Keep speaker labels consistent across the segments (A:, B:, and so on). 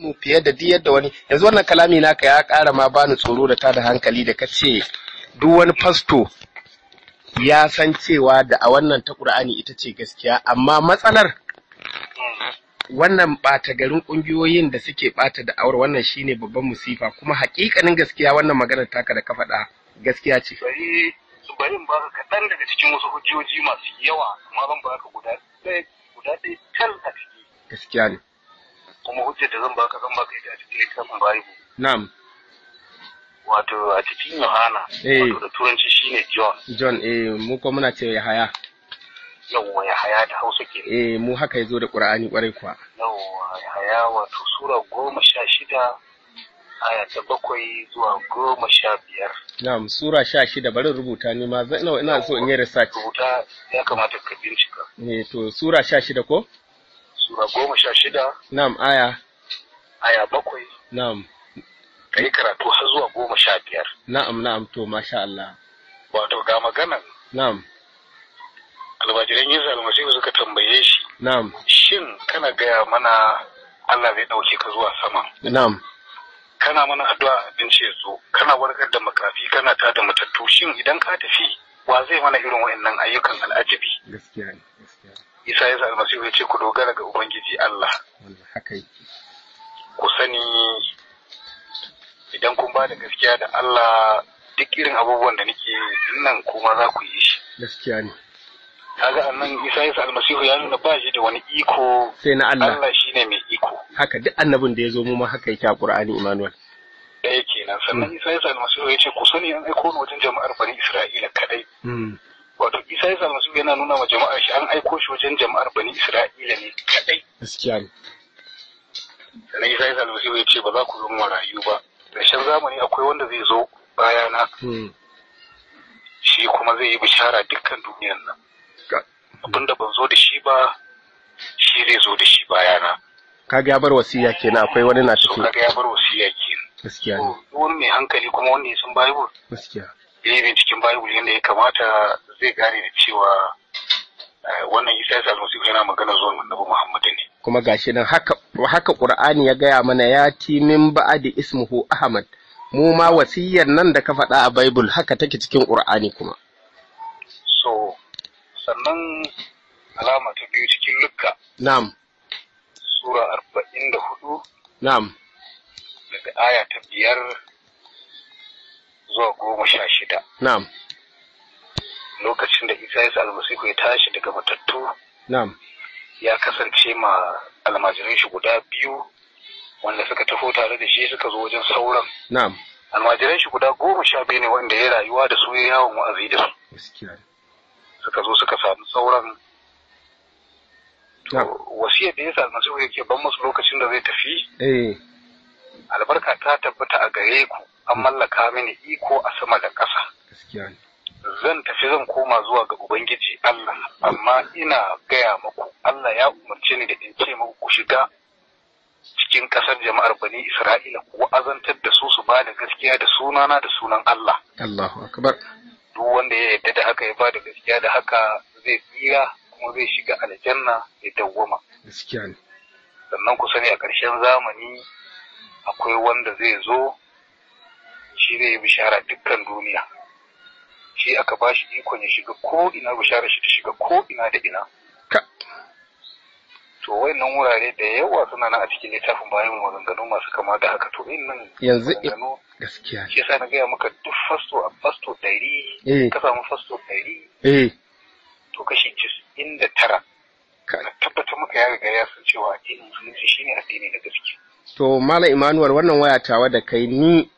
A: mu fiye da diyar da wani yanzu wannan kalami naka ya ƙara ma bani tsoro da ta da hankali da kace duk wani fasto ya san cewa da a wannan ta ƙur'ani ita ce gaskiya amma matsalar wannan ɓata garin ƙungiyoyin da suke ɓata awar wannan shine babban musifa kuma haƙiƙanin gaskiya wannan maganar taka da ka faɗa gaskiya ce.
B: Bari in baka kaɗan daga cikin wasu hujjoji masu yawa amma zan baka guda ɗaya guda ɗaya kan a ciki. Gaskiya ne. kuma hujjar da zan baka zan baka ita a cikin littafin Bible na'am wato a cikin Yohana eh. wato da turanci shine John
A: John eh mu ko muna cewa Yahaya
B: yawwa Yahaya da Hausa ke eh
A: mu haka yazo da Qur'ani kwarai kuwa
B: yawwa Yahaya wato sura goma sha shida aya ta bakwai zuwa goma sha biyar.
A: Na'am, sura sha shida barin rubuta ni ma zan ina so in yi research.
B: Rubuta ya kamata ka bincika.
A: Eh to sura sha shida ko?
B: sura goma sha shida.
A: Nam aya. Aya bakwai. Nam.
B: Ka yi karatu har zuwa goma sha biyar.
A: Na'am na'am to masha Allah.
B: Wato ga maganan. Nam. Albajiran yin almasihu suka tambaye shi. Nam. Shin kana gaya mana Allah zai ɗauke ka zuwa sama. Nam. Kana mana addu'a abinci ya zo, kana warkar da makafi, kana tada matattu, shin idan ka tafi wa zai mana irin wa'annan ayyukan al'ajabi. Gaskiya ne. Isa ya almasihu ya ce ku dogara ga Ubangiji Allah. Ku sani idan kun ba da gaskiya da Allah duk irin abubuwan da nake nan kuma za ku yi shi. Gaskiya ne. Kaga annan Isa ya almasihu ya nuna ba shi da wani iko.
A: Sai na Allah. Allah shi ne mai iko. Haka duk annabin da ya zo mu ma haka yake a Qur'ani Immanuel.
B: Ɗaya kenan sannan hmm. Isa ya almasihu ya ce ku sani an aiko wajen jama'ar Bani Isra'ila kadai. Hmm. wato isa ya samu masu yana nuna wa jama'a shi an aiko shi wajen jama'ar bani isra'ila ne kadai gaskiya ne na isa isa samu su ce ba za ku zama rayu ba Rashin zamani akwai wanda zai zo bayana hmm. shi kuma zai yi bishara dukkan duniyan nan abinda ban zo da shi ba shi zai zo da shi bayana
A: kaga ga bar wasiya kenan akwai wani na cikin kaga ga
B: bar wasiya kenan gaskiya ne wani mai hankali kuma wanda ya san bible gaskiya ya bincikin bible yadda ya kamata zai gane da cewa eh, wannan isa ya almasihu yana magana zuwan annabi muhammadu
A: ne kuma gashi nan haka haka ya gaya mana ya ti min ba'di ismuhu ahmad mu ma wasiyar nan da ka faɗa a bible haka take cikin qur'ani kuma
B: so sannan alama ta biyu cikin lukka na'am sura arba'in da hudu na'am daga aya ta biyar zuwa goma sha shida na'am
A: lokacin da isa ya almasihu ya tashi daga matattu
B: ya kasance ma almajirin shi guda biyu wanda suka taho tare da shi suka zo wajen sauran almajiran shi guda goma sha biyu ne wanda ya rayuwa da su ya yawon wa'azi da su suka zo suka samu sauran wasiyar da ya sa almasihu yake ban musu lokacin da zai tafi eh. albarka ta tabbata a gare ku an mallaka mini iko a sama da ƙasa zan tafi zan koma zuwa ga Ubangiji Allah, amma ina gaya maku Allah ya umarce ni da in ce maku ku shiga cikin ƙasar jama'ar Bani Isra'ila ku azantar da su su ba da gaskiya da sunana da sunan Allah.
A: Allahu akbar.
B: Duk wanda ya yarda da haka ya ba da gaskiya da haka zai tsira kuma zai shiga aljanna ya dawwama. Gaskiya ne. Sannan ku sani a ƙarshen zamani akwai wanda zai zo shi zai yi bishara dukkan duniya. shi aka ba shi ikon ya shiga ko ina bisharar shi ta shiga ko ina da ina to wayannan wurare da yawa suna nan a cikin littafin bayan maganganu masu kama da haka to yin nan yanzu
A: gaskiya shi
B: yasa na gaya maka duk fasto a fasto ɗari eh. ka samu fasto ɗari eh. to kashi da tara na tabbata maka ya riga ya san cewa addinin musulunci shine addini na gaske
A: to malam Emmanuel wannan waya tawa da kai ni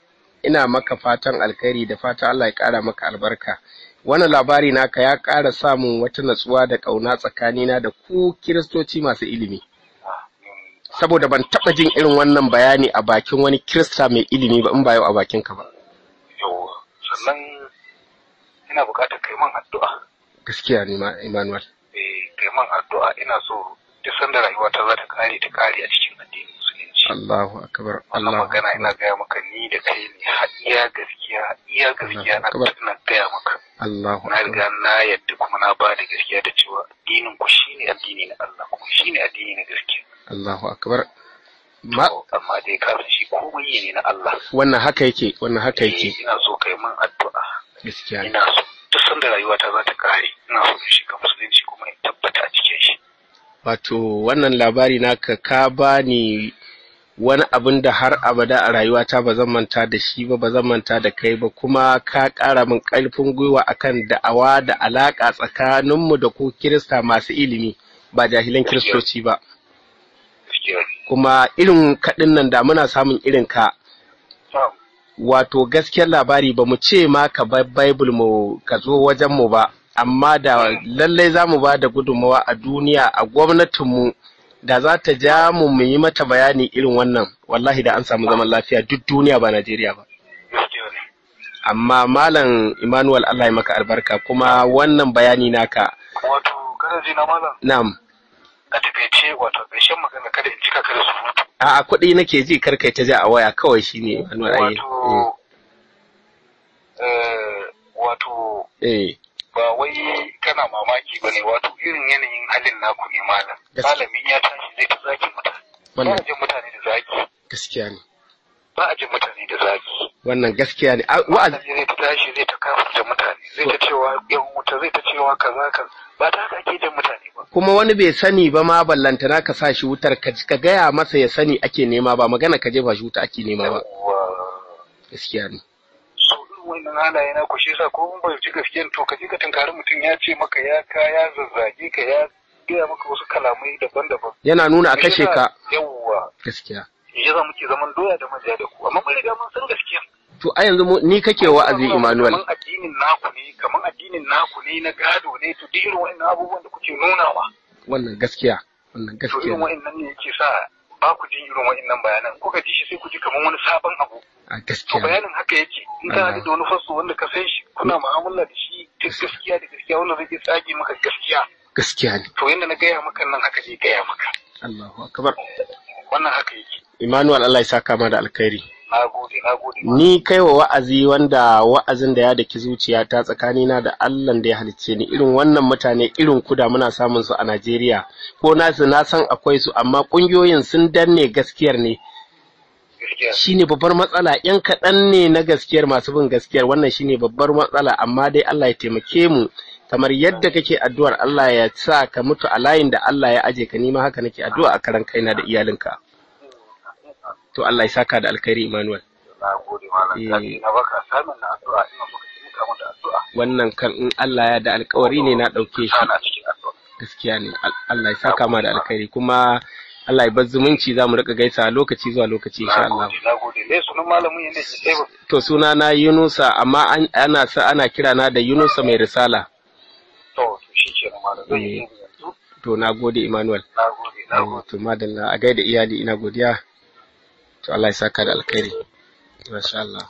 A: ina maka fatan alkhairi da fatan Allah ya ƙara maka albarka wannan labari naka ya ƙara samun wata natsuwa da ƙauna tsakanina da ku kiristoci masu ilimi saboda ban taɓa jin irin wannan bayani a bakin wani kirista mai ilimi ba in ba yau a bakin ka ba
B: sannan ina buƙatar kai man addu'a
A: gaskiya ne Emmanuel
B: eh kai man addu'a ina so duk sanda rayuwa ta za ta kare ta kare a cikin addinin
A: musulunci Allahu akbar Allah magana ina
B: gaya maka da kai ne iya gaskiya iya gaskiya na na gaya maka
A: Allahu na riga na
B: yadda kuma na ba da gaskiya da cewa addinin ku ne addini na Allah kuma ne addini na gaskiya
A: Allahu akbar ma amma dai ko
B: komai ne na Allah
A: wannan haka yake wannan haka yake eh, ina
B: so kai min addu'a gaskiya ina so duk sanda ta za ta kare ina so in shiga musulunci kuma in tabbata a cikin shi
A: wato wannan labari naka ka bani wani abin da har abada a rayuwata ba zan manta da shi ba ba zan manta da kai ba kuma ka ƙara min ƙarfin gwiwa akan da'awa da alaƙa tsakaninmu da ku kirista masu ilimi ba jahilan kiristoci ba kuma irin kaɗin nan da muna samun irin ka wato gaskiyar labari ba mu ce ma ka baibul mu ka zo wajen mu ba amma da lallai za mu ba da gudunmawa a duniya a gwamnatinmu da za ta ja mu mu yi mata bayani irin wannan wallahi da an samu zaman lafiya duk duniya ba Najeriya ba amma malam Emmanuel Allah ya maka albarka kuma wannan bayani naka
B: wato kana ji na malam na'am a tafece wato ƙarshen magana kada in jika kada su mutu
A: a'a kuɗi nake ji kar kai ta ja a waya kawai shine ne. wato
B: eh, wato
A: eh. Eh. ba wai
B: kana mamaki ne wato
A: irin yanayin halin naku ne malam malamin ya tashi zai ta zaki mutane ba a jin mutane da zaki gaskiya ne ba a jin mutane da zaki wannan gaskiya ne wa'azi zai ta tashi zai ta kafarta mutane zai ta cewa
B: yan wuta zai ta cewa kaza kaza ba ta haka ake jin
A: mutane ba kuma wani bai sani ba ma ballantana ka sa shi wutar ka gaya masa ya sani ake nema ba magana ka jefa shi wuta ake nema ba gaskiya ne
B: halaye na ku shi yasa ko mun ji gaskiyar to ka je ka tunkari mutum ya ce
A: maka ya ka ya zazzage ka ya gaya maka wasu kalamai daban-daban yana nuna a kashe ka yawwa gaskiya
B: ya za muke zaman doya da manja da ku amma mun riga mun san gaskiya
A: to a yanzu ni kake wa'azi Emmanuel kaman addinin naku
B: ne kaman addinin naku ne na gado ne to duk irin wa'annan abubuwan da kuke nunawa
A: wannan gaskiya wannan gaskiya to irin wa'annan
B: ne yake sa ba ku jin irin wa'annan bayanan kuka ji shi sai ku ji kaman wani sabon abu to bayanin haka yake in kana da wani fasu wanda ka san shi kuna mm. mu'amala da shi duk gaskiya da gaskiya wannan zai tsage maka gaskiya gaskiya ne to yanda na gaya maka nan haka zai gaya maka
A: Allahu akbar wannan haka yake Emmanuel Allah ya saka ma da alkhairi Ni kai wa wa'azi wanda wa'azin da ya daki zuciya ta tsakanina da Allah da ya halicce ni irin wannan mutane irin kuda muna samun su a Najeriya ko nasu na san akwai su amma kungiyoyin sun danne gaskiyar ne gaskiya ne babbar matsala yan kaɗan ne na gaskiyar masu bin gaskiyar wannan shi ne babbar matsala amma dai Allah ya taimake mu kamar yadda kake addu'ar Allah ya sa ka mutu a layin da Allah ya aje ka nima haka nake addu'a a karan kaina da iyalinka to Allah ya saka da alkhairi Emmanuel eh. wannan kan in Allah ya da alkawari ne na ɗauke shi gaskiya ne Allah ya saka ma da alkhairi kuma Allah ya bar zumunci za mu rika gaisa lokaci zuwa lokaci insha Allah
B: eh,
A: to suna na Yunusa amma ana sa ana kira na da Yunusa mai risala to shi to na gode Emmanuel eh, to madalla a gaida iyali ina godiya to Allah ya saka da alkhairi masha Allah